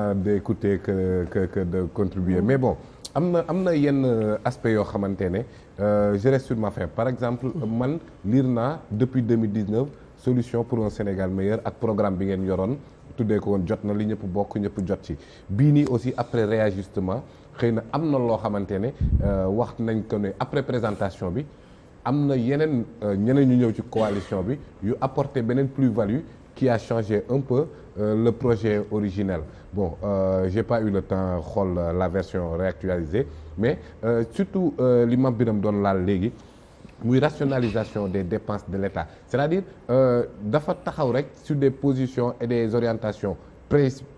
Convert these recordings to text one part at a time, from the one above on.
Ah, d'écouter que que que de contribuer mais bon am na am na yenn euh, aspect yoo xamante ne euh, je reste sur ma fin par exemple man liir naa depuis 2019 solution pour un Sénégal meilleur ak programme bi ngeen yoroon tuddee ko woon jot na li ñëpp bokk ñëpp jot ci bii nii aussi après réajustement xëy na am na loo xamante ne euh, wax nañ ko ne après présentation bi am na yeneen ñeneen ñu ñëw ci coalition bi yu apporter beneen plus-value qui a changé un peu Euh, le projet originel bon euh, j'ai pas eu le temps xool euh, la version réactualisée mais surtout li Mame Birame doon laal léegi muy rationalisation des dépenses de l'État c'est-à-dire dafa taxaw rek sur des positions et des orientations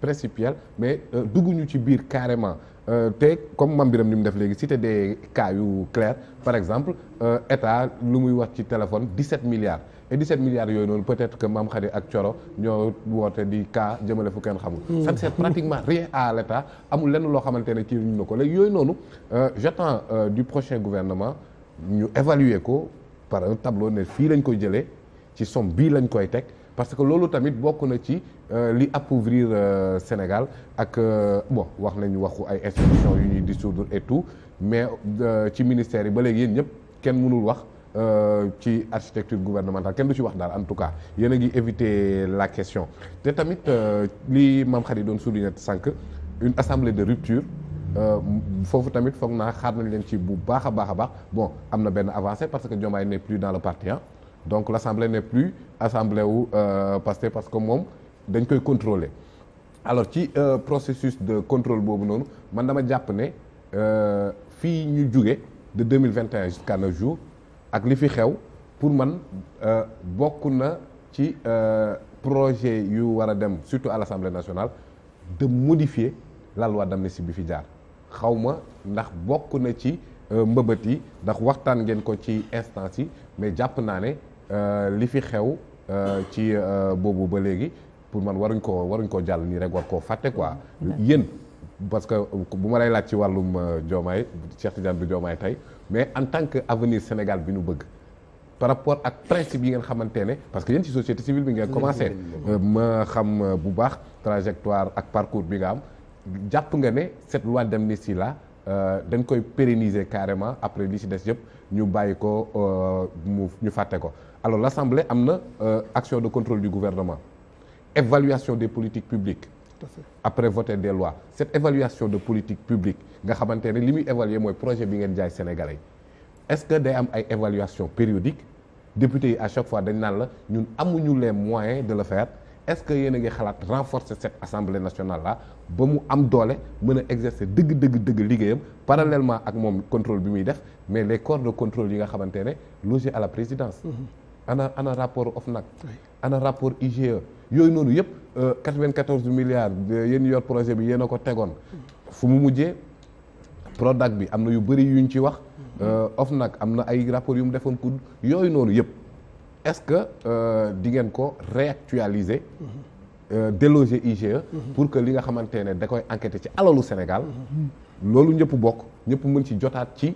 principielles mais dugguñu ci biir carrément te comme Mame Birame ni mu def léegi cité des cas yu clair par exemple état lu muy wax ci téléphone 17 milliards et 17 milliards yooyu noonu peut-être que Mame Khady ak Thioro ñoo woote di cas jëmale fu kenn xamul hmm. ça ne sert pratiquement rien à l'État amul lenn loo xamante ne ci ñu na ko léegi yooyu noonu euh, j'attends euh, du prochain gouvernement ñu évaluer ko par un ne fii lañ koy jëlee ci somme bii lañ koy teg parce que loolu tamit bokk na ci euh, li appauvrir Sénégal ak bon wax nañ waxu ay institutions yu ñuy dissoudre et tout mais ci ministère yi ba léegi yéen ñëpp kenn mënul wax Euh, ci architecture gouvernementale kenn du ci wax daal en tout cas yéen gi ngi éviter la question te tamit euh, li maam xar doon souligner cinq une assemblée de rupture euh, foofu tamit foog naa xaar nañ leen ci bu baax a baax a baax bon am na benn avancée parce que Diomaye n'est plus dans le parti hein donc l'assemblée n'est plus assemblée wu Pastef parce que moom dañ koy contrôler alors ci processus de contrôle boobu noonu man dama jàpp ne fii ñu jóge de 2021 jusqu'à nos jours ak li fi xew pour man euh, bokk na ci euh, projet yu war a dem surtout à l'Assemblée nationale de modifier la loi d'amnistie bi fi jaar xaw ma ndax bokk na ci euh, mbëbët yi ndax waxtaan ngeen ko ci instance yi mais jàpp naa ne li fi xew ci boobu ba léegi pour man waruñ koo waruñ koo jàll nii rek war koo fàtte quoi yéen parce que bu ma lay laaj ci wàllum euh, Diomaye Cheikh Tidiane du joomaay tey mais en tant que avenir Sénégal bi nu bëgg par rapport ak principe yi ngeen xamante ne parce que yéen ci société civile bi ngeen commencé euh, ma xam euh, bu baax trajectoire ak parcours bi nga am jàpp nga ne cette loi d'amnistie là dañ koy pérenniser carrément après li ci des yëpp ñu bàyyi ko mu ñu fàtte ko alors l'Assemblée am na action de contrôle du gouvernement évaluation des politiques publiques après voter des lois cette évaluation de politique publique nga xamante ne li muy évaluer mooy projet bi ngeen jaay sénégalais yi est-ce que day am ay évaluation périodique député yi à chaque fois dañ naan la ñun amuñu les moyens de le faire est-ce que yéen a ngi xalaat renforcer cette assemblée nationale là ba mu am doole mën a exercer dëgg dëgg dëgg liggéeyam parallèlement ak moom contrôle bi muy def mais les corps de contrôle yi nga xamante ne logés à la présidence. Mm-hmm. ana ana rapport OFNAC. ana rapport IGE. yooyu noonu yëpp 94 euh, milliards euh, yéen yor projet bi yéen na ko tegoon fu mu mujjee Prodac bi am na yu bëri yuñ ci wax euh, nag am na ay rapport yu mu defoon ku yooyu noonu yëpp est-ce que di ngeen ko réactualiser déloger IGE pour que li nga xamante ne da koy enquêter ci alalu Sénégal loolu ñëpp bokk ñëpp mën ci jotaat ci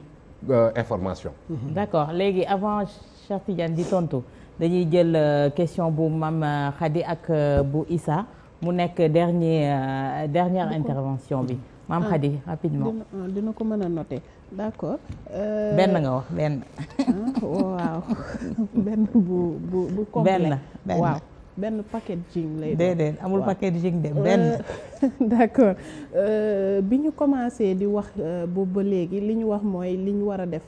information d'accord léegi avant Cheikh Tidiane di tontu dañuy jël euh, question bu Mam euh, Khady ak euh, bu isa mu nekk dernier dernière intervention bi Mam ah. Khady rapidement ah, dina ko mën a noter d'accord benn nga wax benn ah, waaw bu bu bu complet benn waaw benn packaging lay doon déedéet amul de benn d'accord bi ñu commencé di wax boobu ba léegi li ñu wax mooy li ñu war a def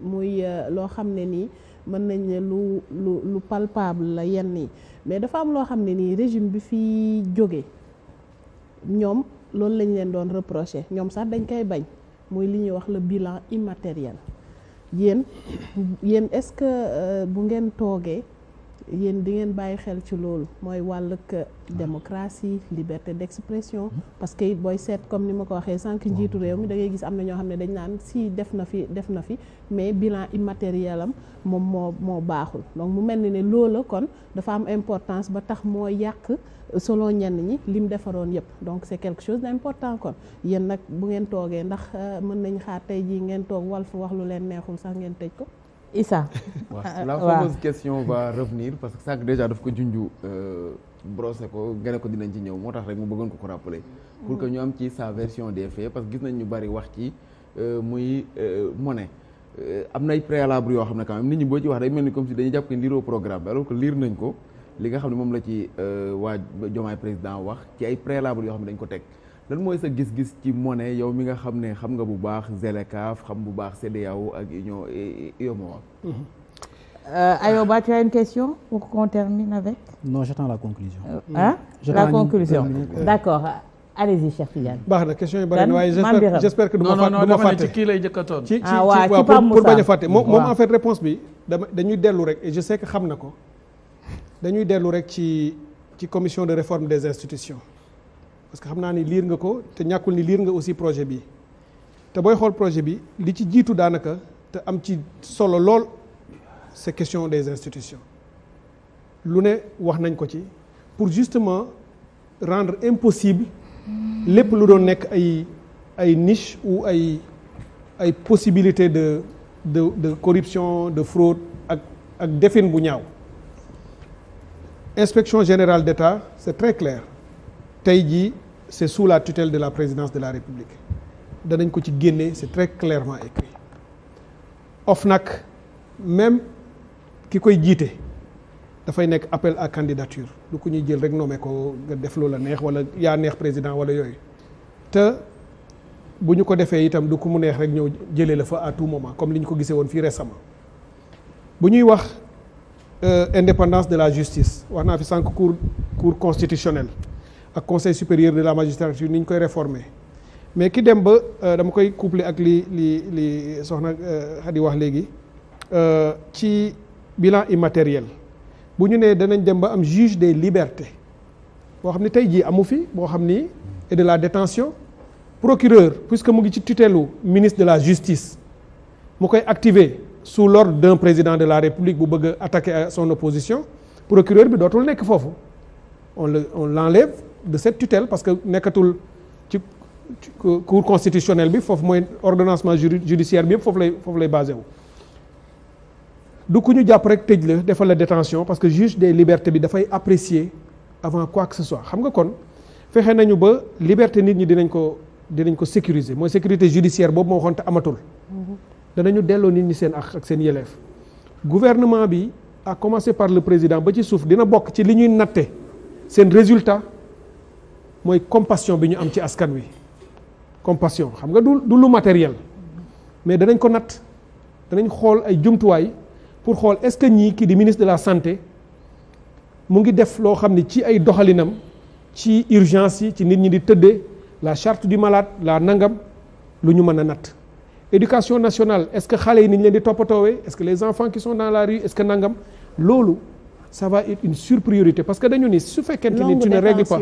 muy loo xam ne nii mën nañ ne lu lu lu palpable la yenn yi mais dafa am loo xam ne nii régime bi fi jóge ñoom loolu lañ leen doon reproché ñoom sax dañ koy bañ muy li ñuy wax le bilan immatériel yéen yéen est-ce que euh, bu ngeen toogee yéen di ngeen bàyyi xel ci loolu mooy wàllug démocratie liberté d'expression parce que it booy seet comme ni ma ko waxee sànq njiitu réew mi da ngay gis am na ñoo xam ne dañ naan si def na fi def na fi mais bilan immatériel am moom moo moo baaxul donc mu mel ni ne loola kon dafa am importance ba tax moo yàq selon ñenn ñi lim defaroon yëpp donc c'est quelque chose d'important kon yéen nag bu ngeen toogee ndax euh, mën nañ xaar tey jii ngeen toog wal fu wax lu leen neexul sax ngeen tëj ko Issa waaw la fameuse question va revenir parce que sànq déjà daf ko junju euh, brossé ko gën a ko dinañ ci ñëw moo tax rek mu bëggoon ko ko rappeler pour que ñu am ci sa version des faits parce que gis nañ ñu bari wax ci euh, muy euh, monnaie am nay préalable yoo xam ne quand même nit ñi boo ci wax day mel ni comme si dañuy jàpp que liiroo programme bi alors liir nañ ko li nga xam ne moom la ci waa Diomaye président wax ci ay préalable yoo xam ne dañ ko teg lan mooy sa gis-gis ci monnaie yow mi nga xam ne xam nga bu baax ZLECAf xam bu baax CEDEAO ak Union UEMOA. Euh, Ayoba tu as une question pour qu'on termine avec. non j'attends la conclusion. ah la conclusion d'accord. allez-y Cheikh Tidiane. baax na question yi bari na waaye j'espère j'espère que du ma fàtte. non non dama ne ci kii lay njëkk a toon ah, ci ci waaw moom moom en fait réponse bi dañuy dellu rek je sais que xam na ko dañuy dellu rek ci ci commission de réforme des institutions. parce que xam naa ni liir nga ko te ñàkkul ni liir nga aussi projet bi te booy xool projet bi li ci jiitu daanaka te am ci solo lool c'est question des institutions lu ne wax nañ ko ci pour justement rendre impossible lépp lu doon nekk ay ay niche ou ay ay possibilité de de de corruption de fraude ak ak defin bu ñaaw inspection général d'État c'est très clair tey jii c'est sous la tutelle de la présidence de la République danañ ko ci génne c'est très clairement écrit nag même ki koy jiite dafay nekk appel à candidature du ko ñuy jël rek nommé ko nga def loola neex wala yaa neex président wala yooyu te bu ñu ko defee itam du ko mu neex rek ñëw jëlee la fa à tout moment comme li ñu ko gisee woon fii récemment bu ñuy wax euh, indépendance de la justice wax naa fi sànq cour cour constitutionnelle ak conseil supérieur de la magistrature ni ñu koy réformer mais ki dem ba euh, dama koy coupler ak li li li soxna Xadi euh, wax léegi euh, ci bilan immatériel bu ñu nee danañ dem ba am juge des libertés boo xam ni tey jii amu fi boo xam ni et de la détention procureur puisque mu ngi ci tutelu ministre de la justice mu koy activer su l'ordre d'un président de la république bu bëgg attaquer à son opposition procureur bi dootul nekk foofu on le on l'enlève de cette tutelle parce que nekkatul ci cour constitutionnelle bi foofu mooy ordonnancement judiciaire bi yëpp foofu lay foofu lay basé wu du ku ñu jàpp rek tëj la defal la détention parce que juge des libertés bi dafay apprécier avant quoi que ce soit xam nga kon fexe nañu ba liberté nit ñi dinañ ko dinañ ko sécuriser mooy sécurité judiciaire boobu moo waxoon amatul danañu delloo nit ñi seen ak ak seen yeleef gouvernement bi à commencer par le président ba ci suuf dina bokk ci li ñuy natte seen résultat mooy compassion bi ñu am ci askan wi compassion xam nga du du lu matériel mais danañ ko natt danañ xool ay jumtuwaay pour xool est-ce que ñii kii di ministre de la santé mu ngi def loo xam ni ci ay doxalinam ci urgence yi ci nit ñi di tëddee la charte du malade la nangam lu ñu mën a natt éducation nationale est-ce que xale yi ni ñu leen di toppatoowee est-ce que les enfants qui sont dans la rue est que nangam loolu ça va être parce que dañu ni su fekkente ni tu ne règles pas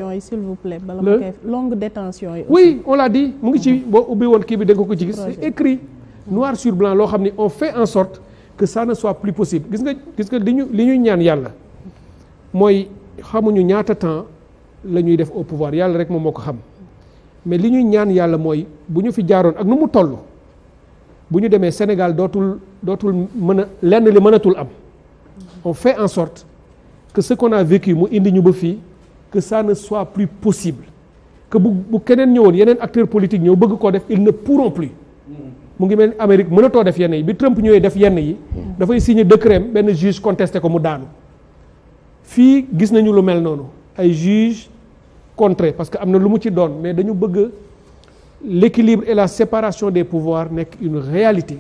longue détention yi s'il vous mu ngi ci mm-hmm. boo ubbi woon kii bi da ko ci gis. c'est écrit mm-hmm. noir sur blanc loo xam ni on fait en sorte que ça ne soit plus possible gis nga gis nga li ñu li ñu ñaan yàlla mooy xamuñu ñaata temps la ñuy def au pouvoir yàlla rek moom moo ko xam mais li ñuy ñaan yàlla mooy bu ñu fi jaaroon ak nu mu toll bu ñu demee Sénégal dootul dootul mën a lenn li mënatul am mm-hmm. on fait en sorte. que ce qu'on a vécu mu indi ñu ba fii que ça ne soit plus possible que bu bu keneen ñëwoon yeneen acteur politique ñëw bëgg koo def ils ne pourront plus mu ngi mel Amérique mënatoo def yenn yi bi Trump ñëwee def yenn yi dafay signé décret benn juge contesté ko mu daanu fii gis nañu lu mel noonu ay juge contré parce que am na lu mu ci doon mais dañu bëgg l'équilibre et la séparation des pouvoirs nekk une réalité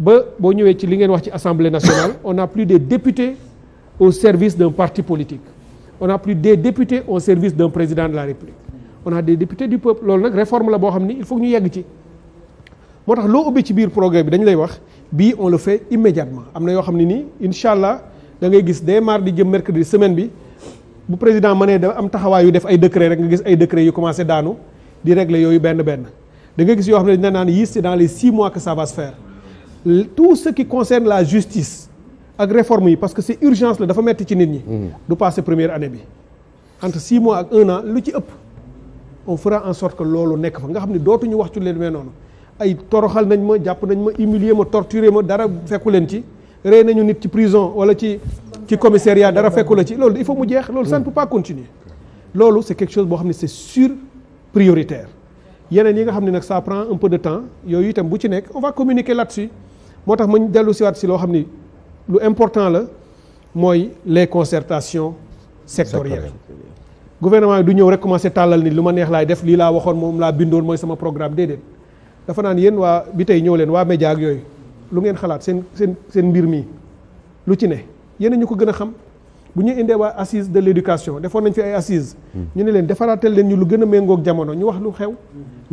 ba boo ñëwee ci li ngeen wax ci assemblée nationale on a plus de députés au service d'un parti politique on a plus des député au service d'un président de la République on a des députés du peuple loolu nag réforme la boo xam ni il faut ñu yegg ci moo tax loo ubbi ci biir progrès bi dañu lay wax bii on la fait immédiatement am na yoo xam ne nii incha allah da ngay gis dès mardi jëm mercredi semaine bi bu président mënee da am taxawaay yu def ay décret rek nga gis ay décret yu commencé daanu di régler yooyu benn benn da gis yoo xam ne dina naan yii c'est dans les mois que ça va se faire tout ce qui ak réforme yi parce que c'est urgence la dafa metti ci nit ñi. Mm-hmm. du passé première année bi. entre six mois ak un an lu ci ëpp on fera en sorte que loolu nekk fa nga xam ne dootuñu wax ci leen mais noonu ay toroxal nañ ma jàpp nañ ma umilier ma torturer ma dara fekku leen ci. rey nañu nit ci prison wala ci ci commissariat dara fekku la ci loolu il faut mu jeex. loolu ça ne mm-hmm. peut pas continuer. loolu c'est quelque chose boo xam ne c'est sur prioritaire. yeneen yi nga xam ne nag ça prend un peu temps yooyu itam bu ci nekk va communiquer là-dessus moo tax ma dellu siwaat si loo xam ni. lu important la mooy les concertations sectorielles gouvernement yi du ñëw rek commencé tàllal ni lu ma neex laay def lii laa waxoon moom laa bindoon mooy sama programme déedéet dafa naan yéen waa bi tey ñëw leen waa média ak yooyu lu ngeen xalaat seen seen seen mbir mi lu ci ne yéen ñu ko gën a xam bu ñu indee waa assise de l'éducation defoon nañ fi ay assise hmm. ñu ne leen defaraatal leen ñu lu gën a méngoog jamono ñu wax lu xew. Hmm.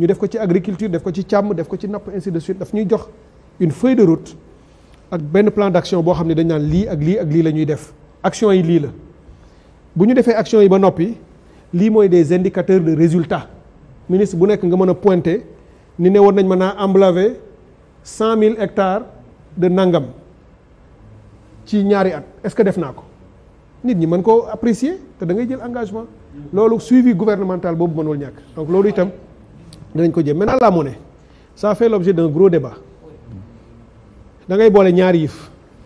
ñu def ko ci agriculture def ko ci càmm def ko ci napp ainsi de suite daf ñuy jox une feuille de route. ak benn plan d'action boo xam ne dañ naan lii ak lii ak lii la ñuy def action yi lii la bu ñu defee action yi ba noppi lii mooy des indicateurs de résultat ministre bu nekk nga mën a pointer ni ne woon nañ mën naa emblaver cent mille hectares de nangam ci ñaari at est-ce que def naa ko nit ñi mën koo apprécier te da ngay jël engagement loolu suivi gouvernemental boobu mënul ñàkk donc loolu itam dinañ ko jëm maintenant la monnaie ça fait l'objet d'un gros débat da boole ñaari yëf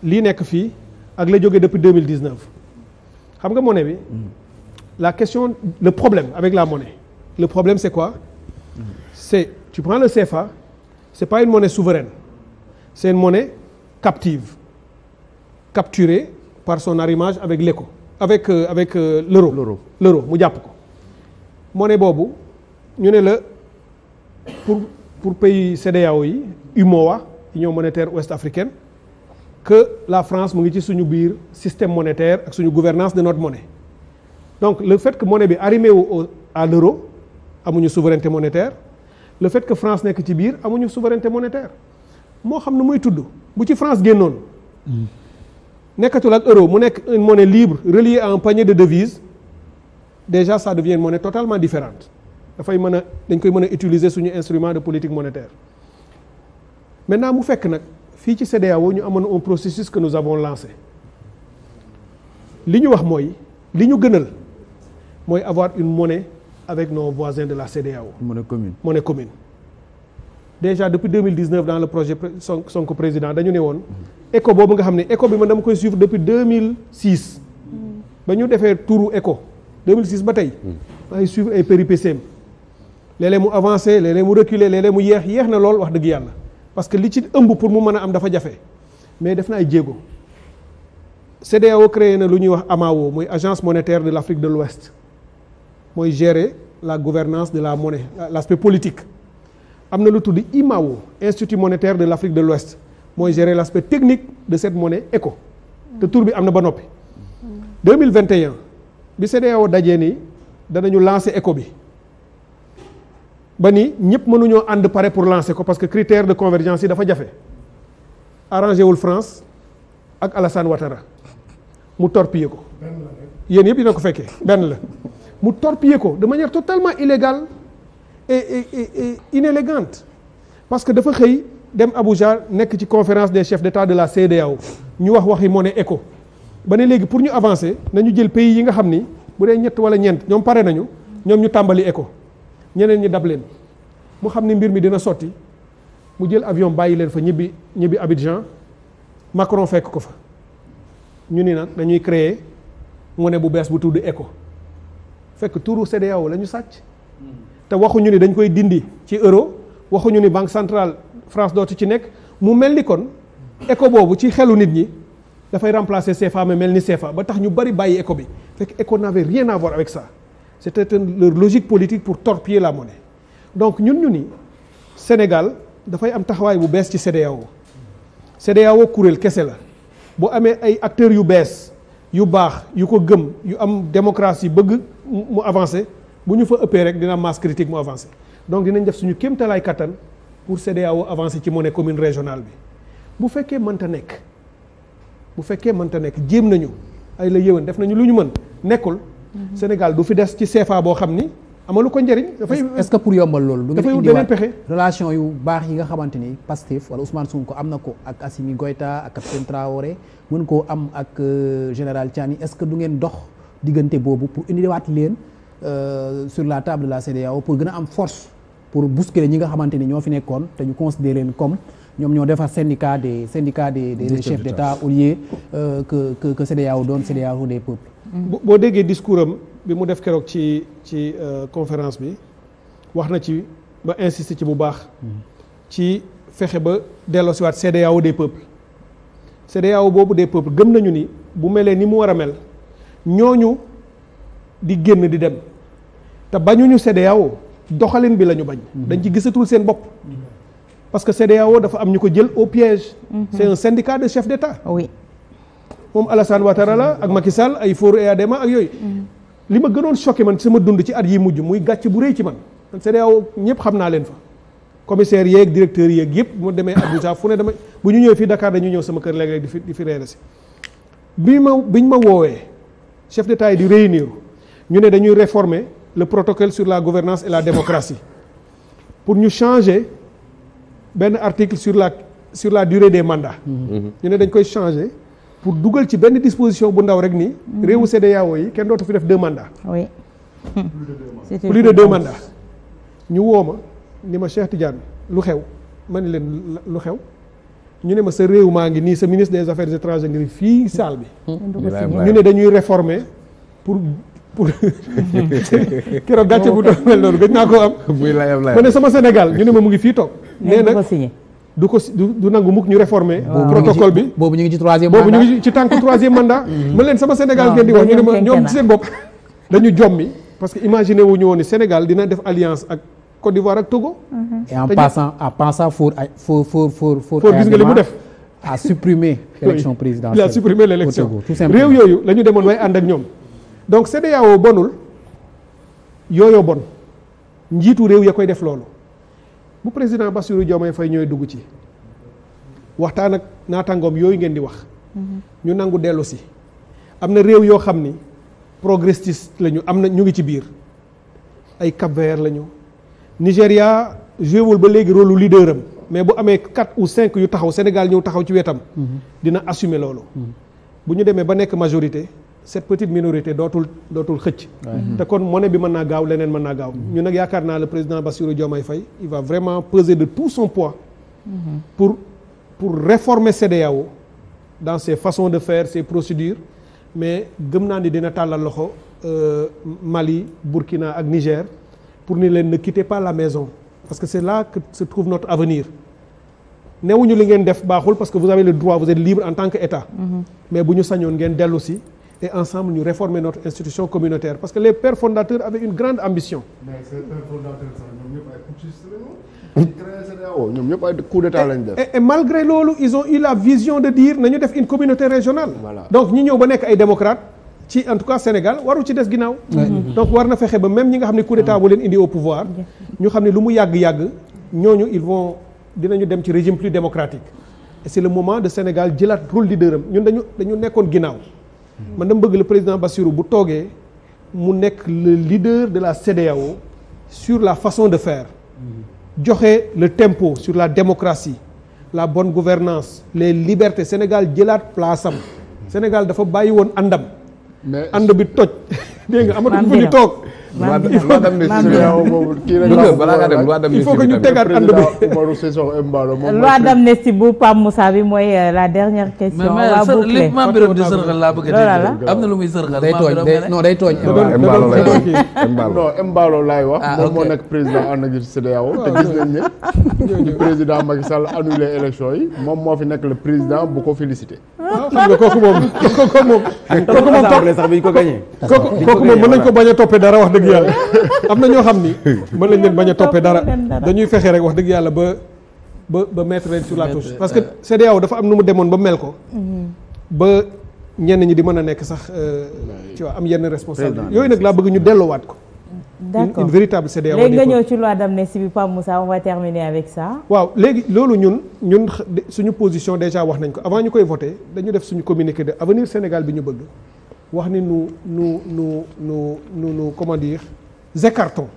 lii nekk fii ak la jóge depuis deux mille dix neuf xam nga monnaie bi mm. la question le problème avec la monnaie le problème c'est quoi mm. c'est tu prends le CFA c'est pas une monnaie souveraine c'est une monnaie captive capturée par son arrimage avec l'éco avec euh, avec euh, l'euro l'euro mu jàpp ko monnaie boobu ñu ne la pour pour pays CEDEAO yi UMOA union monétaire ouest africaine que la France mu ngi ci suñu biir système monétaire ak suñu gouvernance de notre monnaie donc le fait que monnaie bi arrimé wu à l'euro amuñu souveraineté monétaire le fait que France nekk ci biir amuñu souveraineté monétaire moo xam ne muy tudd bu ci France génnoon nekkatul ak euro mu nekk une monnaie libre reliée à un panier de devises déjà ça devient une totalement différente dafay mën a dañ koy mën a utiliser suñu instrument de politique monétaire maintenant mu fekk nag fii ci CEDEAO ñu amoon un processus que nous avons lancé li ñu wax mooy li ñu gënal mooy avoir une monnaie avec nos voisins de la CEDEAO. monnaie commune monnaie commune. déjà depuis 2019 dans le projet Sonko président dañu ne woon ECO mm-hmm. boobu nga xam ne ECO bi man dama koy suivre depuis 2006. ba ñu defee turu ECO 2006 ba tey. Mm-hmm. maa ngi suivre ay péripéties léeg-léeg mu avancé léeg-léeg mu reculé léeg mu yeex yéex na lool wax dëgg yàlla. parce que li ci ëmb pour mu mën a am dafa jafe mais def na ay jéego CEDEAO créé na lu ñuy wax AMAO mooy agence monétaire de l' de l'Ouest mooy gérer la gouvernance de la mone l' aspect politique am na lu tudd IMAO institut monétaire de l' Afrique de l'Ouest mooy gérer l' technique de cette monnaie éco te tur bi am na ba noppi 2021 bi CEDEAO dajee nii danañu lancer éco bi ba ni ñëpp mënuñoo ànd pare pour lancer ko parce que critère de convergence yi dafa jafe arrangé wul France ak Alassane Ouattara mu torpiller ko yéen yëpp dina ko fekkee benn la mu torpiller ko de manière totalement illégale et et et parce que dafa xëy dem Abuja nekk ci conférence des chefs d'État de la CEDEAO ñu wax waxi monnaie éco ba ne léegi pour ñu avancer nañu jël pays yi nga xam ni bu dee ñett wala ñeent ñoom pare nañu ñoom ñu tàmbali éco ñeneen ñi dab leen mu xam ni mbir mi dina sotti mu jël avion bàyyi leen fa ñibbi ñibbi Abidjan Macron fekk ko fa ñu ni nag dañuy créer mu bu bees bu tudd ECO fekk turu CEDEAO la lañu sàcc te waxuñu ni dañ koy dindi ci euro waxuñu ni banque centrale France dootu ci nekk mu mel ni kon ECO boobu ci xelu nit ñi dafay remplacer CFA mais mel ni CFA ba tax ñu bari bàyyi ECO bi fekk ECO n'avait rien à voir avec ça c'était leur logique politique pour torpiller la monnaie donc ñun ñu ni Sénégal dafay am taxawaay bu bees ci CEDEAO CEDEAO kuréel kese la bu amee ay acteurs yu bees yu baax yu ko gëm yu am démocratie bëgg mu avancer bu ñu fa ëppee rek dina masse critique mu avancer donc dinañ def suñu kéemtalaay kattan pour CEDEAO avancer ci monnaie commune régionale bi bu fekkee mënta nekk bu fekkee mënta nekk jéem nañu ay la yéwén def nañu lu ñu mën nekkul. Sénégal du fi des ci CFA boo xam ni amalu ko njëriñ. dafay est-ce que pour yombal loolu. dafay wut beneen pexe relation yu baax yi nga xamante ni Pastef wala Ousmane ko am na ko ak Assimi Goïta ak capitaine Traoré mën koo am ak euh, général Tiani est-ce que du ngeen dox diggante boobu pour indiwaat leen euh, sur la table de la CEDEAO pour gën a am force pour bousculer ñi nga xamante ni ñoo fi nekkoon te ñu considéré leen comme. ñoom ñoo defar syndicat des syndicats des des chefs d'État au lieu euh, que que que doon des peuples. boo déggee discours bi mu def keroog ci ci euh, conférence bi wax na ci ba insister ci bu baax ci fexe ba delloosiwaat CEDEAO des peuples CEDEAO boobu des peuples gëm nañu ni bu melee ni mu war a mel ñooñu di génn di dem te bañuñu CEDEAO doxalin bi la ñu bañ mm-hmm. dañ ci gisatul seen bopp parce que CEDEAO dafa am ñu ko jël au piège mm-hmm. seen un syndicat de chefs d'État oui moom Alassane Ouattara la ak Macky Sall ay Foro et Adema ak yooyu. Mm. li ma gënoon choqué man sama dund ci at yi mujj muy gàcc bu rëy ci man man CEDEAO ñëpp xam naa leen fa. commissaire yeeg directeur yeeg yëpp mu demee Abuja fu ne dama bu ñu ñëwee fii Dakar dañu ñëw sama kër léeg-léeg di fi di fi reere si bi ma biñ ma woowee chef de yi di réunir ñu ne dañuy réformer le protocole sur la gouvernance et la démocratie pour ñu changer benn article sur la sur la durée des mandats. Mm-hmm. ne dañ koy changer. pour dugal ci benn disposition bu ndaw rek ni. réewu CEDEAO yi kenn dootu fi def deux mandats. oui. de deux ñu woo ma ni ma Cheikh Tidiane lu xew ma ni leen lu xew ñu ne ma sa réew maa ngi nii sa ministre des affaires étrangères ngi fii salle bi. Mm. ñu ne dañuy réformer pour pour keroog gàcce bu doon mel noonu gëj naa ko am. muy layam layam ma ne sama Sénégal ñu ne ma mu ngi fii toog. nee na du ko du nangu mukk ñu réformer protocole bi boobu ñu ngi ci troisième mandat boobu ñu ngi ci tànk troisième mandat mm-hmm. man leen sama Sénégal ngeen di wax ñu ñoom jommi parce que imaginer wu ñu woon ni Sénégal dina def alliance ak Côte d'Ivoire ak Togo mm-hmm. et en passant en passant Faure ay Faure Faure Faure Faure gis nga li mu def a supprimé l'élection présidentielle il a supprimé l'élection réew yooyu lañu ñu demoon way ànd ak ñoom donc CEDEAO bonul yooyo bon njiitu réew ya koy def loolu bu président Bassirou Diomaye Faye ñooy dugg ci waxtaan ak naataangoom yooyu ngeen di wax. Mm-hmm. ñu nangu dellu si. am na réew yoo xam ni progressiste lañu am na ñu ngi ci biir ay Cap-Vert lañu. Nigéria jouéwul ba léegi rôle lu leader mais bu amee quatre ou cinq yu taxaw Sénégal ñëw taxaw ci wetam. Mm-hmm. dina assumer loolu. Mm-hmm. bu ñu demee ba nekk majorité. cette petite minorité dootul dootul xëcc te kon monnaie bi mën naa gaaw leneen mën naa gaaw mm-hmm. ñu nag yaakaar naa le président Bassirou Diomaye Faye il va vraiment peser de tout son poids mm-hmm. pour pour réformer CEDEAO dans ses façons de faire ses procédures mais gëm naa ni dina tàllal loxo euh, Mali Burkina ak Niger pour ni leen ne quittez pas la maison parce que c'est là que se trouve notre avenir newuñu li ngeen def baaxul parce que vous avez le droit vous êtes en tant que État mm-hmm. mais bu dellu si et ensemble ñu réformer notre institution communautaire parce que les pères fondateurs avaient une grande ambition. ñoom ñëpp ay putschistes lañu. malgré loolu ils ont eu la vision de dire nañu def une communauté régionale. Voilà. donc ñi ñëw ba nekk ay démocrates. ci en tout cas Sénégal waru ci des ginnaaw. Mm-hmm. donc war na fexe ba même ñi nga xam ne coup d'état bu leen indi au pouvoir. ñu xam ne lu mu yàgg yàgg ñooñu ils vont dinañu dem ci régime plus démocratique. et c'est le moment de Sénégal jëlaat rôle leader ñun dañu dañu nekkoon ginnaaw. man dama bëgg la président Bassirou bu toogee mu nekk le leader de la CEDEAO sur la façon de faire joxe le tempo sur la démocratie la bonne gouvernance les libertés Sénégal jëlaat place am Sénégal dafa bàyyi woon àndam ànd bi toj dégg nga amatuñ fu ñu toog loi d'amnistie boobu kii rek il faut que ñu tegaat ànd bi Umaru Sissoko Embalo moom loi d'amnistie bu Pape Moussa bi mooy euh, la dernière question waa bouclé ma biram di sërxal laa bëgg a dégg am na lu muy sërxal day tooñ non day tooñ Embalo lay non Embalo laay wax ah, moom moo nekk président en exercice CEDEAO te gis nañ ne président Macky Sall annulé élection yi moom moo fi nekk le président bu ko félicité ah, nga kooku moom kooku moom ah, kooku moom sax bi ñu ko gagné kooku moom mën nañ ko bañ a toppee dara wax dëgg am na ñoo xam ni mën nañ leen bañ a toppee dara dañuy fexe rek wax dëgg yàlla ba ba ba mettre leen sur la touche parce que CEDEAO dafa am nu mu demoon ba mel ko ba ñenn ñi di mën a nekk sax ci euh, waa am yenn responsabilité yooyu nag laa bëgg ñu delloowaat ko d'accord une véritable CEDEAO léegi nga ñëw ci loi d'amnistie bi Pape Moussa on va terminer avec ça waaw léegi loolu ñun ñun suñu position déjà wax nañ ko avant ñu koy voter dañu def suñu communiqué de avenir Sénégal bi ñu bëgg wax ni nous nous nous nous nous nu comment dire écartons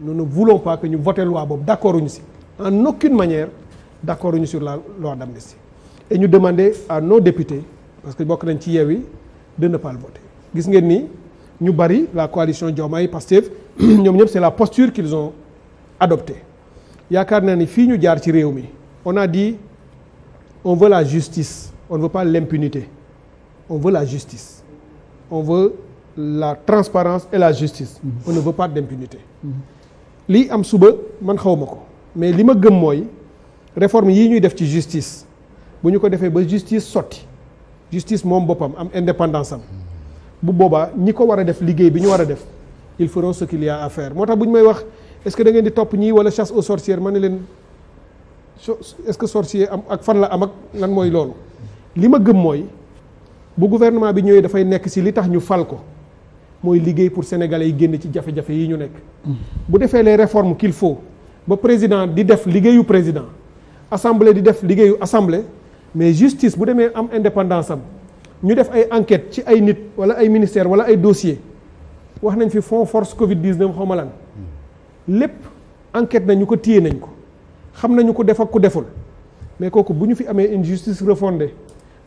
nu ne voulons pas que ñu voté loi boobu d'accord uñu si en aucune manière d'accord sur la loi d'amnistie et ñu demander à nos député parce que bokk nañ ci Yewwi de ne pas le voter gis ngeen ni ñu bari la coalition Diomaye Pastef ñoom ñëpp c'est la posture qu'ils ont adoptée yaakaar naa ni fii ñu jaar ci réew mi on a dit on veut la justice on ne veut pas l'impunité on veut la justice on veut la transparence et la justice on ne lii am suba man xaw ko mais li ma gëm mooy réforme yii ñuy def ci justice bu ñu ko defee ba justice sotti justice moom boppam am indépendance am bu boobaa ñi ko war a def liggéey bi ñu war a def il feront ce qu'il y moo tax bu ñu may wax est-ce que da ngeen di topp ñii wala chasse aux sorcières ma ne leen est-ce que sorcier am ak fan la am ak lan mooy loolu li ma gëm mooy bu gouvernement bi ñëwee dafay nekk si li tax ñu fal ko mooy liggéey pour sénégalais yi génn ci jafe-jafe yi ñu nekk. bu defee les réformes qu'il faut ba président di def liggéeyu président assemblée di def liggéeyu assemblée mais justice bu demee am indépendance am ñu def ay enquêtes ci ay nit walla ay ministères walla ay dossiers wax nañ fi fonds force Covid 19 xaw ma lan lépp enquête nañu ko téye nañ ko xam nañu ko def ak ku deful mais kooku bu ñu fi amee une justice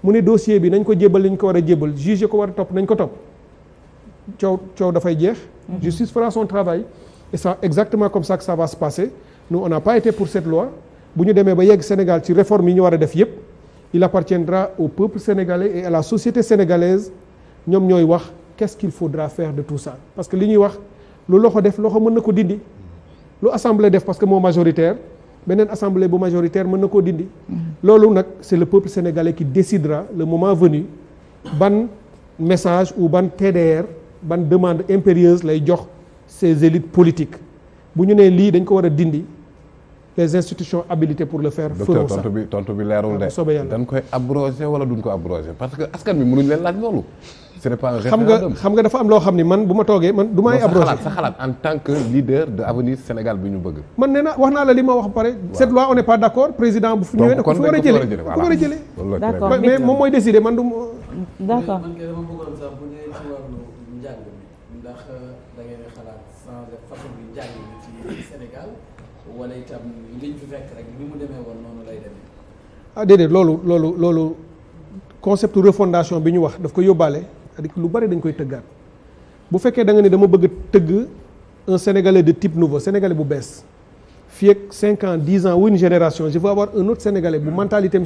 mu ne dossier bi nañ ko jébbal li ñu ko war a jébbal juge ko war a topp nañ ko topp coow coow dafay jeex. Mhm. justice fera son travail. et c'est exactement comme ça que ça va passer nous on n'a pour cette loi bu ñu demee ba yegg Sénégal ci réforme yi ñu war a def yépp il appartiendra au peuple sénégalais et à la société sénégalaise ñoom ñooy wax qu'est-ce qu'il faudra faire de tout ça parce que li ñuy wax lu loxo def loxo mën na ko dindi lu assemblée def parce que moo majoritaire. beneen assemblée bu majoritaire mën na koo dindi. loolu nag c'est le peuple sénégalais qui décidera le moment venu ban message ou ban TDR ban demande impérieuse lay jox ces élites politiques bu ñu nee lii dañ ko war a dindi. les institutions habilitées pour le faire. feront ça docteur tontu bi tontu bi leerul koy abrogé wala duñ ko abrogé parce que askan bi mënuñ leen laaj loolu. ce xam nga dafa am loo xam ni man bu ma toogee man du may abrogé sa xalaat en tant que leader de avenir Sénégal bi ñu bëgg. man nee na wax naa la li ma wax pare. cette loi on n'est pas d'accord président bu fi ñëwee. donc kon dañ ko war a jëlee mais moom mooy décider man du ma. d'accord man kay dama bëggoon sax bu ñëwee ci wàllu njàng mi bi njàng mi wala itam liñ fi fekk mu demee woon noonu lay demee. ah déedéet loolu loolu loolu concept refondation bi ñu wax daf ko yóbbaale lu bari dañ koy tëggaat bu fekkee da nga ne dama bëgg tëgg un sénégalais de type nouveau sénégalais bu bees fii ak cinq ans dix ans une génération je veux avoir un autre sénégalais bu mentalité am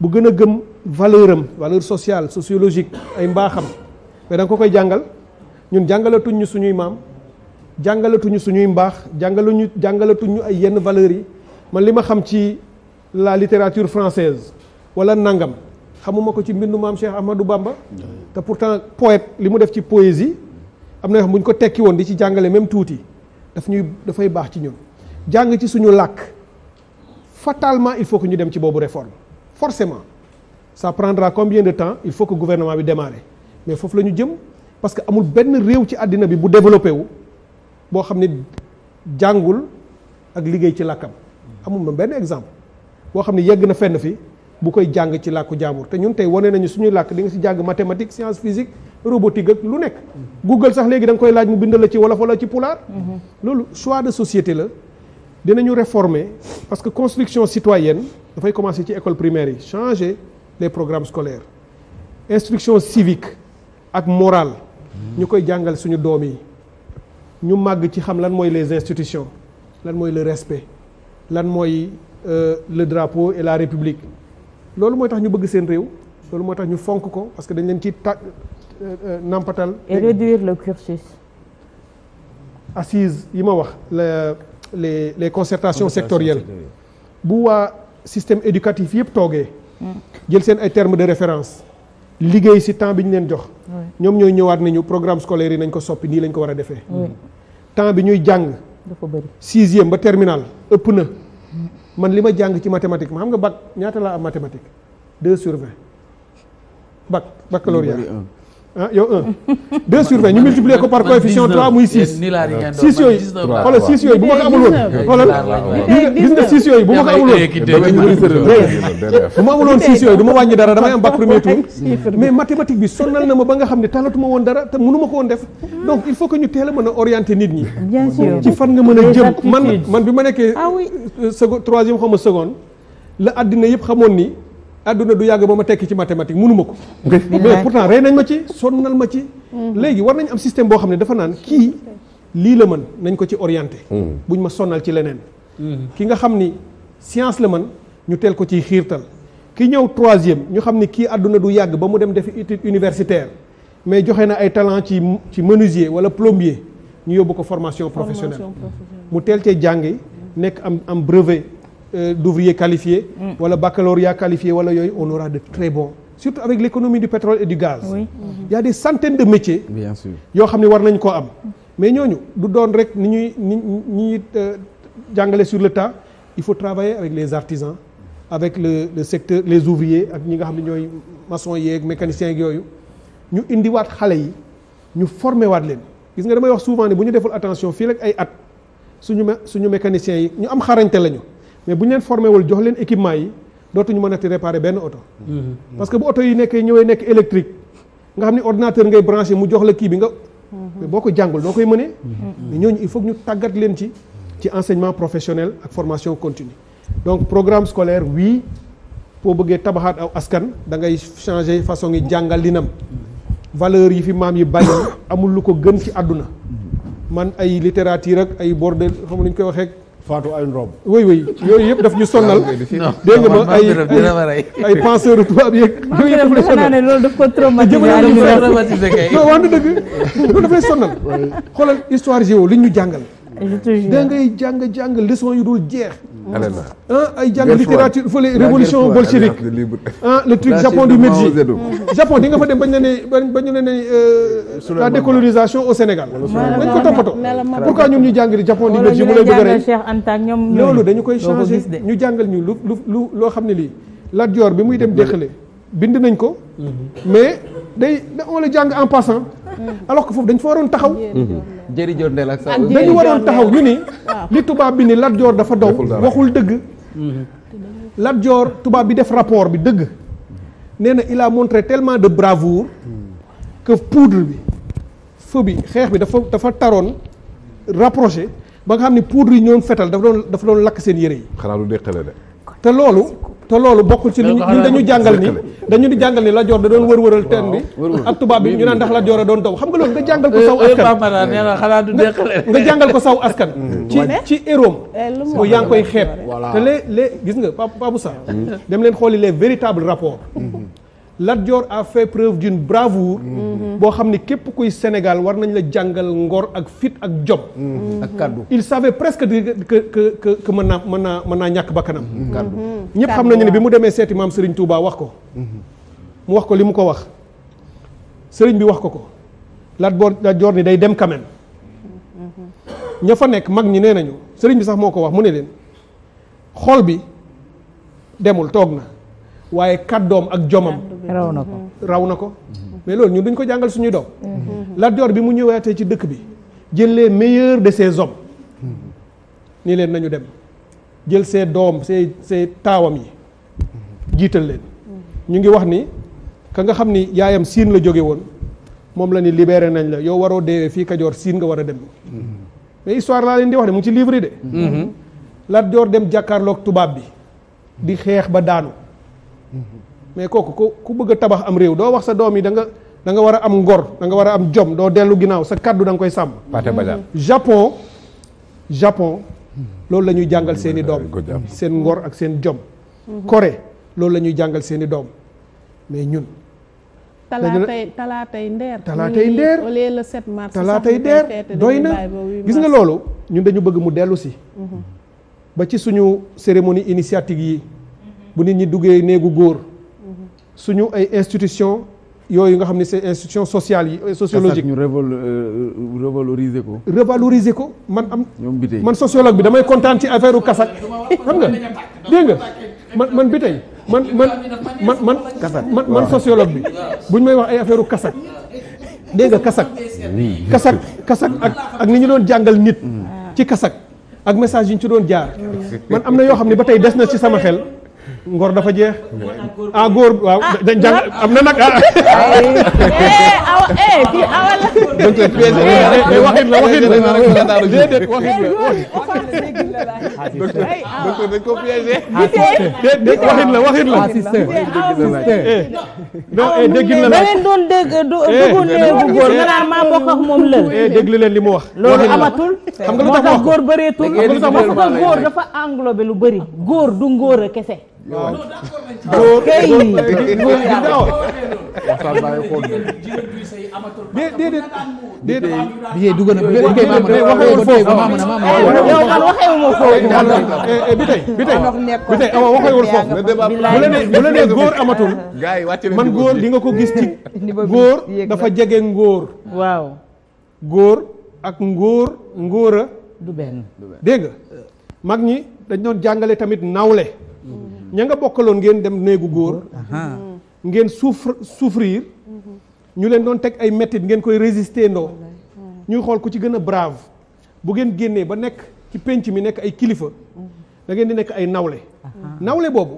bu gën a gëm valeur am valeur sociale sociologique ay mbaaxam mais da ko koy jàngal ñun jàngalatuñ suñuy maam. jàngalatuñu suñuy mbaax jàngaluñu jàngalatuñu ay yenn valeurs man li ma xam ci la littérature française wala nangam xamuma ko ci mbindu maam Cheikh Ahmadou Bamba te pourtant poète li mu def ci poésie am na yoo xam ko tekki woon di ci jàngale même tuuti daf ñuy dafay baax ci ñun jàng ci suñu làkk fatalement il faut que ñu dem ci boobu réforme forcément sa prendra comme de temps il faut que gouvernement bi démarrer mais foofu la ñu jëm parce que amul benn réew ci àddina bi bu développé wu boo xam ne jàngul ak liggéey ci làkkam amul ma benn exemple boo xam ne yegg na fenn fi bu koy jàng ci làkku jaamur te ñun tey wane nañu suñuy làkk di nga si jàng mathématique science physique robotique ak lu nekk mhm. google sax léegi da koy laaj mu bind la ci wolof wala ci pulaar mhm. loolu choix de société la dinañu réformer parce que construction citoyenne dafay commencer ci école primaire yi changer les programmes scolaires instruction civique ak morale mhm. ñu koy jàngal suñu doom yi ñu màgg ci xam lan mooy les institutions lan mooy le respect lan mooy euh, le drapeau et la république loolu mooy tax ñu bëgg seen réew loolu mooy tax ñu fonk ko parce que dañ leen ci ta euh, euh, nampatal. et réduire le cursus. assise yi ma wax la les les concertations sectorielles bu waa système éducatif yëpp toogee. Mm. jël seen ay termes de référence liggéey si temps bi ñu leen jox. Mm. ñoom ñooy ñëwaat nañu programme scolaire yi nañ ko soppi nii lañ ko war a defee. temps bi ñuy jàng. dafa ba terminal ëpp na. man li ma jàng ci mathématique ma xam nga bac ñaata laa am mathématique deux sur vingt bac baccalauréat ah yow 1 2 sur 20 ñu multiplier ko par coefficient 3 muy 6 6 yooyu xoolal 6 yooyu bu ma ko amul woon xoolal gis nga 6 yooyu bu ma ko amul woon bu ma yooyu du ma wàññi dara damay am bac premier tour mais mathématique bi sonnal na ma ba nga xam ne talatuma woon dara te mënu ko woon def donc il faut que ñu teel a mën a orienter nit ñi ci fan nga mën a jëm man man bi ma nekkee ah euh, second troisième xaw ma la àddina yëpp xamoon nii àdduna du yàgg ba ma tekki ci mathématique mënu ma ko mais pourtant rey nañ ma ci sonnal ma ci mm-hmm. léegi war nañ am système boo xam ne dafa naan kii lii la man nañ ko ci orienté bu mm-hmm. buñ ma sonnal ci leneen mm-hmm. ki nga xam ni science la man ñu teel ko ci xiirtal ki ñëw troisième ñu xam ni kii àdduna du yàgg ba mu dem defi étude universitaire mais joxe na ay talent ci ci menuisier wala plombier ñu yóbbu ko formation professionnelle mu teel cee jàngi nekk am am brevet Euh, d'ouvriers qualifiés. Mm. wala baccalauréat qualifié wala yooyu on aura de très bons. surtout avec l'économie du pétrole et du gaz. oui il y a des de métiers. bien sûr yoo xam ne war nañ koo am. mais ñooñu du doon rek ni ñuy ni ñuy euh, jàngale sur le tas il faut travailler avec les artisans avec le le secteur les ouvriers ak ñi nga xam ne ñooy maçon yeeg mécaniciens yooyu ñu indiwaat xale yi ñu formé waat leen gis nga damay wax souvent ne bu ñu deful attention fii rek ay at suñu suñu mécaniciens yi ñu am xarañte lañu. mais bu ñu leen formé wul jox leen équipement yi dootuñu mënati réparer benn oto. Mm-hmm. parce que bu oto yi nekkee ñëwee nekk électrique nga xam ne ordinateur ngay branché mu jox la kii bi nga. Mm-hmm. boo ko jàngul noo koy mënee. Mm-hmm. mais ñooñu il faut ñu tàggat leen ci ci enseignement professionnel ak formation continue donc programme scolaire oui boo bëggee tabaxaat aw askan da ngay changer façon yi jàngal linam valeur yi fi maam yi bàyyi amul lu ko gën ci àdduna man ay littérature ak ay bordel xam nga koy waxee. faatu ay ndoom oui oui yooyu yëpp daf ñu sonnal dégg nga ma ay ay penseur tubaab yeeg yooyu yëpp daf lay sonnal loolu daf ko na dëgg loolu daf lay xoolal histoire géo li ñu jàngal da ngay jàng jàng leçon yu dul jeex. ah ay jàng littérature fële révolution bolchevique ah le truc Japon du Meiji Japon di nga fa dem bañ la ne ba ñu ne ne euh, la décolonisation au Sénégal. nañ ko toppatoo pourquoi ñun ñu jàng Japon du Meiji mu lay bëgg a rey loolu dañu koy changé ñu jàngal ñu lu lu loo xam ne lii Lat Dior bi muy dem déxale bind nañ ko. mais day on le jàng en passant. Mm. alors que foofu dañ fa waroon taxaw. Mm-hmm. Mm-hmm. jërëjëf Ndeye ak Saalum dañu waroon taxaw ñu ni. Ah. li tubaab bi ni Lat Joor dafa daw. waxul dëgg. Mm-hmm. Lat Joor tubaab bi def rapport bi dëgg. nee na il a montré tellement de bravoure. Mm. que poudre bi feu bi xeex bi dafa dafa taroon rapproché ba nga xam ni poudre yi ñoom fetal dafa doon dafa doon lakk seen yére yi. xanaa te loolu te loolu bokkul ci ñun dañu jàngal ni dañu di jàngal ni Lat da doon wër-wëral teen bi ak tubaab bi ñu naan ndax Lat Joor a doon daw xam nga loolu nga jàngal ko saw askan nga jàngal ko saw askan mm. ci ci héroom bu eh, yaa ngi koy xeet te les les gis nga Pape sax mm. dem leen xooli les véritables rapports mm-hmm. Lat Dior a fait preuve d'une bravoure. boo xam ne képp kuy Sénégal war nañ la jàngal ngor ak fit ak jom. ak kaddu il savait presque que que que mën naa mën naa mën naa ñàkk bakkanam. Mm-hmm. kaddu mm-hmm. ñëpp xam nañu ne bi mu demee seeti maam Serigne Touba wax ko. Mm-hmm. mu wax ko li mu ko wax sëriñ bi wax ko ko Lat Dior Lat Dior ni day dem quand même. ña fa nekk mag ñi nee nañu sëriñ bi sax moo ko wax mu ne leen xool bi demul toog na. waaye kàddoom ak jomam raw na ko mhm. raw na ko mhm. mais loolu ñun duñ ko jàngal suñuy doom mhm. Lat Joor bi mu ñëwaatee ci dëkk bi jël les meilleurs de ses hommes nii leen nañu dem jël see doom ses ses taawam yi jiital leen ñu ngi wax ni ka nga xam ni yaayam siin la jóge woon moom la ni libéré nañ la yow waroo deewee fii Kajoor siin nga war a dem mais histoire laa leen di wax ne mu ngi ci livre de Lat Joor dem jàkkaarlook tubaab bi di xeex ba daanu mais kooku ku ku bëgg tabax am réew doo wax sa doom yi danga danga war a am ngor danga war a am jom doo dellu ginnaaw sa kàddu danga koy sàmm. Japon Japon loolu la ñuy jàngal seen i doom seen ngor ak seen jom. loolu la ñuy jàngal seen i doom mais ñun. talaatay talaatay ndeer talaatay ndeer le 7 mars talaatay ndeer doy na gis nga loolu ñun dañu bëgg mu dellu si mhm. ba ci suñu cérémonie initiatique yi bu nit ñi duggee néegu góor suñu ay institution yooyu nga xam ne c'est institution sociale yi euh, sociologique ñu euh, euh, revaloriser ko revaloriser ko man am man sociologue bi damay kontaan ci affaire u kasak xam nga dégg nga man man bi tey man man man man man man sociologue bi buñ may wax ay affaire kasak dégg nga kasak kasak kasak ak ak ni ñu doon jàngal nit mm. ci kasak ak message yi ñu ci doon jaar man am na yoo xam ne ba tey des na ci sama xel ngor dafa jeex. ah góor waaw ah, dañ jàng am na nag ah. Eh, awa eh la. donc eh, la waxin la déedéet waxin la leen eh, góor nga naan maa bokk ak moom lël. déglu leen li mu wax. loolu amatul. xam nga lu tax góor bëreetul. parce que góor dafa englobé lu bëri. góor du ngóor a kese. waaw góor waxtaan bàyyi xool mais déedéet déedéet bi dugg góor amatul nga ko gis ci góor dafa jege ngóor waaw góor ak ngóor ngóora du benn dégg mag ñi dañ doon jàngale tamit nawle ña nga bokkaloon ngeen dem néegu góor ngeen souffre souffrir ñu leen doon teg ay mettit ngeen koy résister ndoo ñuy xool ku ci gën a brave bu ngeen génnee ba nekk ci penc mi nekk ay kilifa da ngeen di nekk ay nawle nawle boobu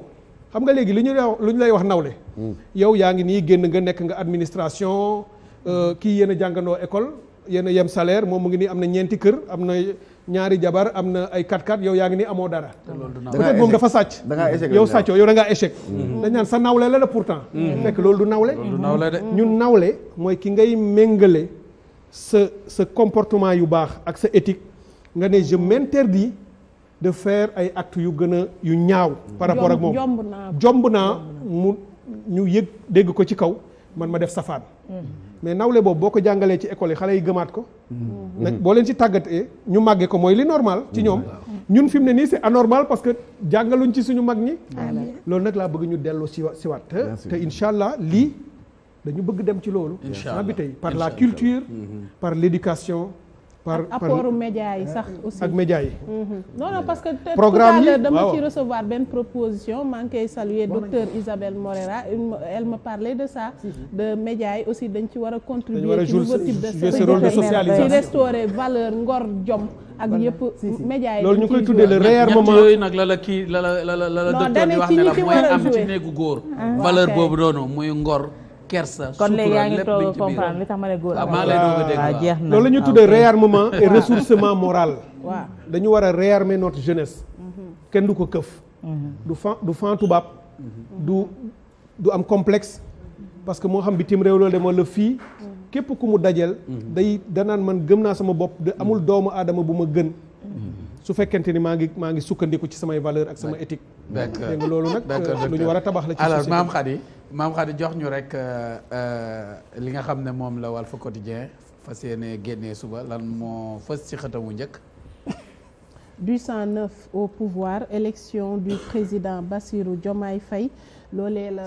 xam nga léegi li ñu lu ñu lay wax nawle hmm. yow yaa ngi nii génn nga nekk nga administration euh, kii yéen a jàngandoo école yéen yem salaire moom mu ngi nii am na ñeenti kër am na ñaari jabar am na ay 4-4 yow yaa ngi ni amoo dara. peut-être moom dafa sàcc. da ngaa échec yow sàccoo yow da ngaa échec. Mm-hmm. dañ naan sa nawle la la pourtant. Mm-hmm. fekk loolu du nawle. ñun nawle mooy ki ngay méngale sa sa comportement yu baax ak sa étique nga ne je m'interdis de faire ay actes yu gën a yu ñaaw. par rapport ak moom jomb naa jomb naa mu ñu yëg dégg ko ci kaw man ma def safaan. Mm-hmm. mais nawle boobu boo ko jàngalee ci école yi xale yi gëmaat ko. Mm-hmm. nag boo leen ci tàggatee ñu màggee ko mooy li normal ci ñoom. Mm-hmm. ñun fi mu ne nii c'est anormal parce que jàngaluñ ci suñu mag ñi. loolu nag laa bëgg ñu dellu si wa siwaat te incha allah lii dañu bëgg dem ci loolu. incha allah bi tey par la culture. Mm-hmm. par l'éducation. par par apport média yi sax eh, aussi ak média yi. Mm-hmm. non parce que. programme yi dama ci recevoir benn proposition maa ngi koy saluer docteur Isabelle Morera elle me parlait de ça. de média yi aussi dañ ci war a contribuer. ci nouveau type de socialisation ci restaurer valeur ngor jom. ak yëpp média yi loolu ñu koy tuddee le réel moment yooyu nag la la kii la la la la di wax ne la mooy am ci góor. Ah, valeur boobu noonu muy ngor. kersa. kon léegi yaa ngi toog tax ma ne góor am a ah, jeex na la ñu tuddee réarmement et ah. ressourcement moral. waaw dañu war a réarmer notre jeunesse. Mhm. kenn du ko këf. Mhm. du fan du fan tubaab. Mhm. du du am complexe. parce que moo xam bitim réew loolu de moo la fii. képp ku mu dajeel. day danaan man gëm naa sama bopp de amul doomu aadama bu ma gën. su fekkente ni maa ngi maa ngi sukkandiku ci samay valeur ak sama éthique. d'accord dégg nga loolu nag euh, lu ñu war a tabax la ci société maam Khady jox ñu rek euh, euh, li nga xam ne moom la Walf Quotidien fas yéene génnee suba lan moo fës ci xëtamu njëkk. du 109 au pouvoir élection du président Bassirou Diomaye fay loolee la.